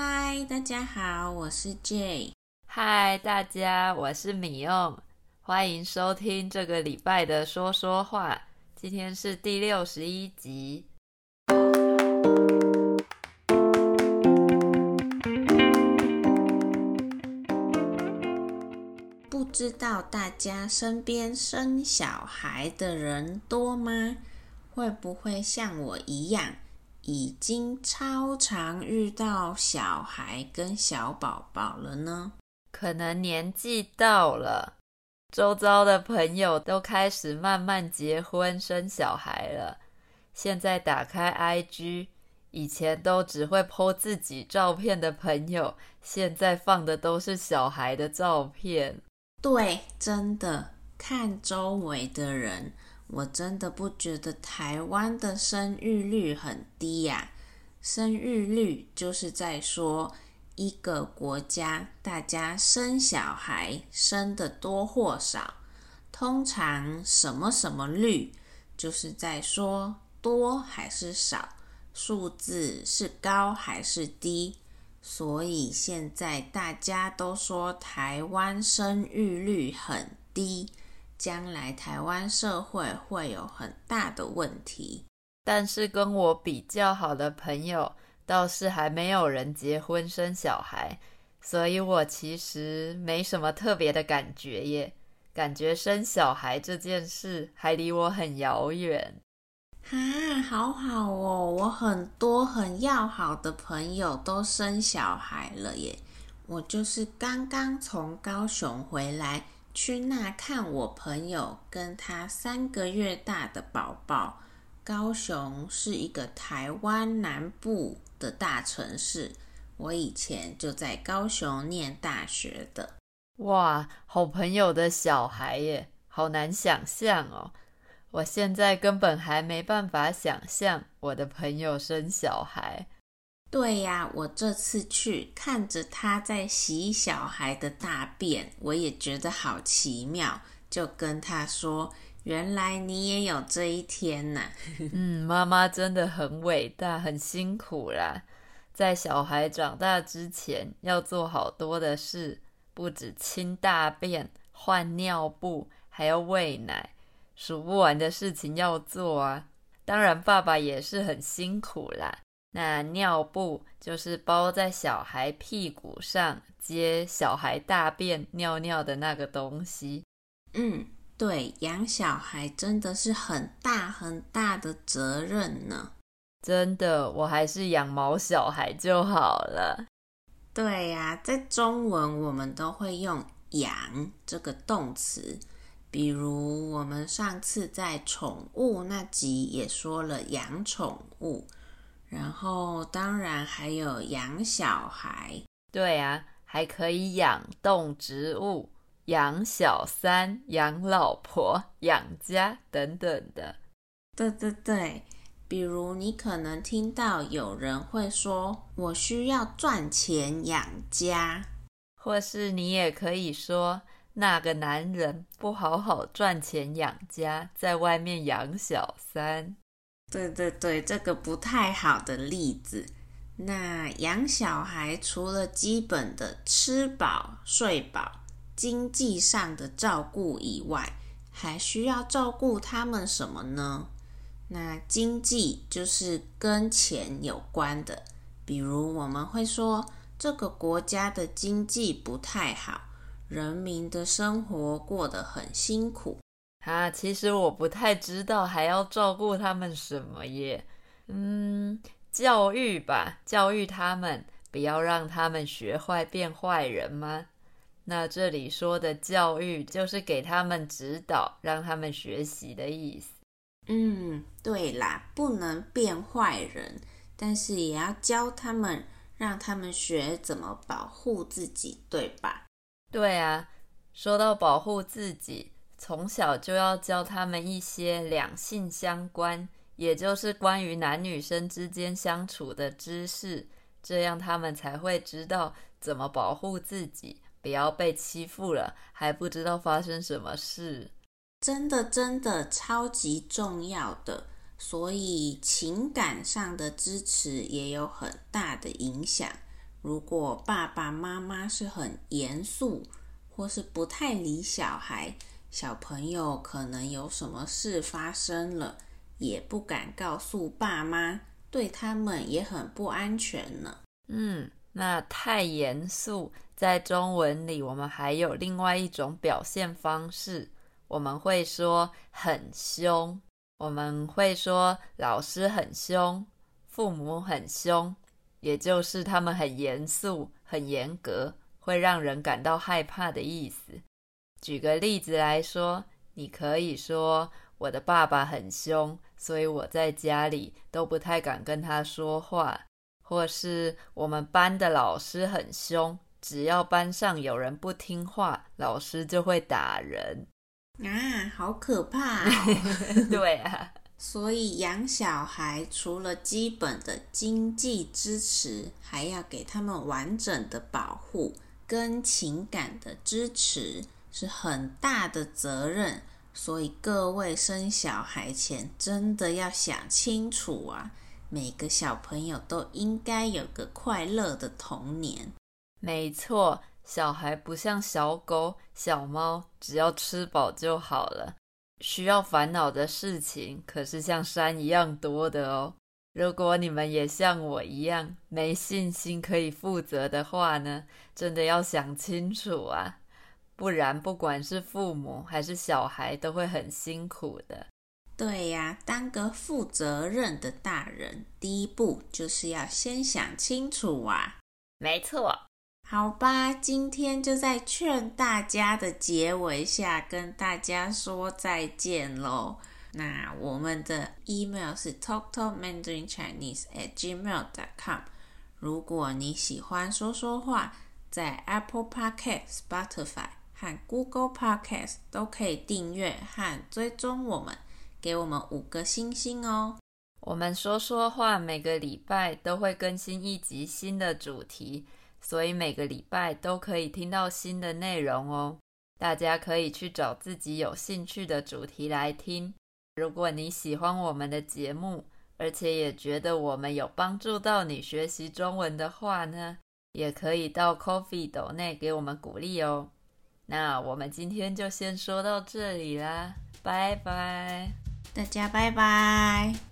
嗨，大家好，我是 Jay。嗨，大家，我是米柚，歡迎收聽這個禮拜的說說話，今天是第六十一集。不知道大家身邊生小孩的人多嗎？會不會像我一樣？已經超常遇到小孩跟小寶寶了呢，可能年紀到了，周遭的朋友都開始慢慢結婚生小孩了。現在打開 IG，以前都只會 po 自己照片的朋友，現在放的都是小孩的照片。對，真的看周圍的人。我真的不覺得台灣的生育率很低呀、啊。生育率就是在說一個國家大家生小孩生得多或少，通常什麼什麼率就是在說多還是少，數字是高還是低。所以現在大家都說台灣生育率很低。將來台灣社會會有很大的問題，但是跟我比較好的朋友倒是還沒有人結婚生小孩，所以我其實沒什麼特別的感覺耶。感覺生小孩這件事還離我很遙遠。哈、啊，好好哦，我很多很要好的朋友都生小孩了耶，我就是剛剛從高雄回來。去那看我朋友跟他三個月大的寶寶。高雄是一個台灣南部的大城市，我以前就在高雄念大學的。哇，好朋友的小孩耶，好難想象哦！我現在根本還沒辦法想象我的朋友生小孩。對呀，我這次去看着他在洗小孩的大便，我也覺得好奇妙，就跟他說：“原來你也有這一天吶。 ”嗯，媽媽真的很偉大，很辛苦啦。在小孩長大之前，要做好多的事，不止清大便、換尿布，還要餵奶，數不完的事情要做啊。當然，爸爸也是很辛苦啦。那尿布就是包在小孩屁股上接小孩大便尿尿的那個東西。嗯，對，養小孩真的是很大很大的責任呢。真的，我還是養毛小孩就好了。對呀，在中文我們都會用“養”這個動詞，比如我們上次在寵物那集也說了養寵物。然後、哦、當然還有養小孩，對啊，還可以養動植物、養小三、養老婆、養家等等的。對對對，比如你可能聽到有人會說：“我需要賺錢養家”，或是你也可以說：“那個男人不好好賺錢養家，在外面養小三。”對對對，這個不太好的例子。那養小孩除了基本的吃飽、睡飽、經濟上的照顧以外，還需要照顧他們什麼呢？那經濟就是跟錢有關的。比如我們會說，這個國家的經濟不太好，人民的生活過得很辛苦。啊，其實我不太知道還要照顧他們什麼耶。嗯，教育吧，教育他們，不要讓他們學壞變壞人嗎？那這裡說的教育就是給他們指導，讓他們學習的意思。嗯，對啦，不能變壞人，但是也要教他們，讓他們學怎麼保護自己，對吧？對啊，說到保護自己。從小就要教他們一些兩性相關，也就是關於男女生之間相處的知識，這樣他們才會知道怎麼保護自己，不要被欺負了，還不知道發生什麼事。真的真的超級重要的，所以情感上的支持也有很大的影響。如果爸爸媽媽是很嚴肅，或是不太理小孩，小朋友可能有什麼事發生了，也不敢告訴爸媽，對他們也很不安全呢。嗯，那太嚴肅，在中文裡，我們還有另外一種表現方式，我們會說“很凶”，我們會說老師很凶，父母很凶，也就是他們很嚴肅、很嚴格，會讓人感到害怕的意思。舉個例子來說，你可以說我的爸爸很兇，所以我在家裡都不太敢跟他說話。或是我們班的老師很兇，只要班上有人不聽話，老師就會打人。啊，好可怕！ 對啊，所以養小孩除了基本的經濟支持，還要給他們完整的保護跟情感的支持。是很大的責任，所以各位生小孩前真的要想清楚啊！每個小朋友都應該有個快樂的童年。沒錯，小孩不像小狗、小貓，只要吃飽就好了。需要煩惱的事情可是像山一樣多的哦。如果你們也像我一樣，沒信心可以負責的話呢，真的要想清楚啊！不然，不管是父母還是小孩，都會很辛苦的。對呀、啊，當個負責任的大人，第一步就是要先想清楚啊。沒錯，好吧，今天就在勸大家的結尾下跟大家說再見嘍。那我們的 email 是 talktalk mandarin chinese at gmail dot com。如果你喜歡說說話，在 Apple Podcast、Spotify。和 Google Podcast 都可以訂閱和追蹤我們，給我們五個星星哦。我們說說話，每個禮拜都會更新一集新的主題，所以每個禮拜都可以聽到新的內容哦。大家可以去找自己有興趣的主題來聽。如果你喜歡我們的節目，而且也覺得我們有幫助到你學習中文的話呢，也可以到 Ko-fi 斗內給我們鼓勵哦。那我們今天就先說到這裡啦，拜拜。大家拜拜。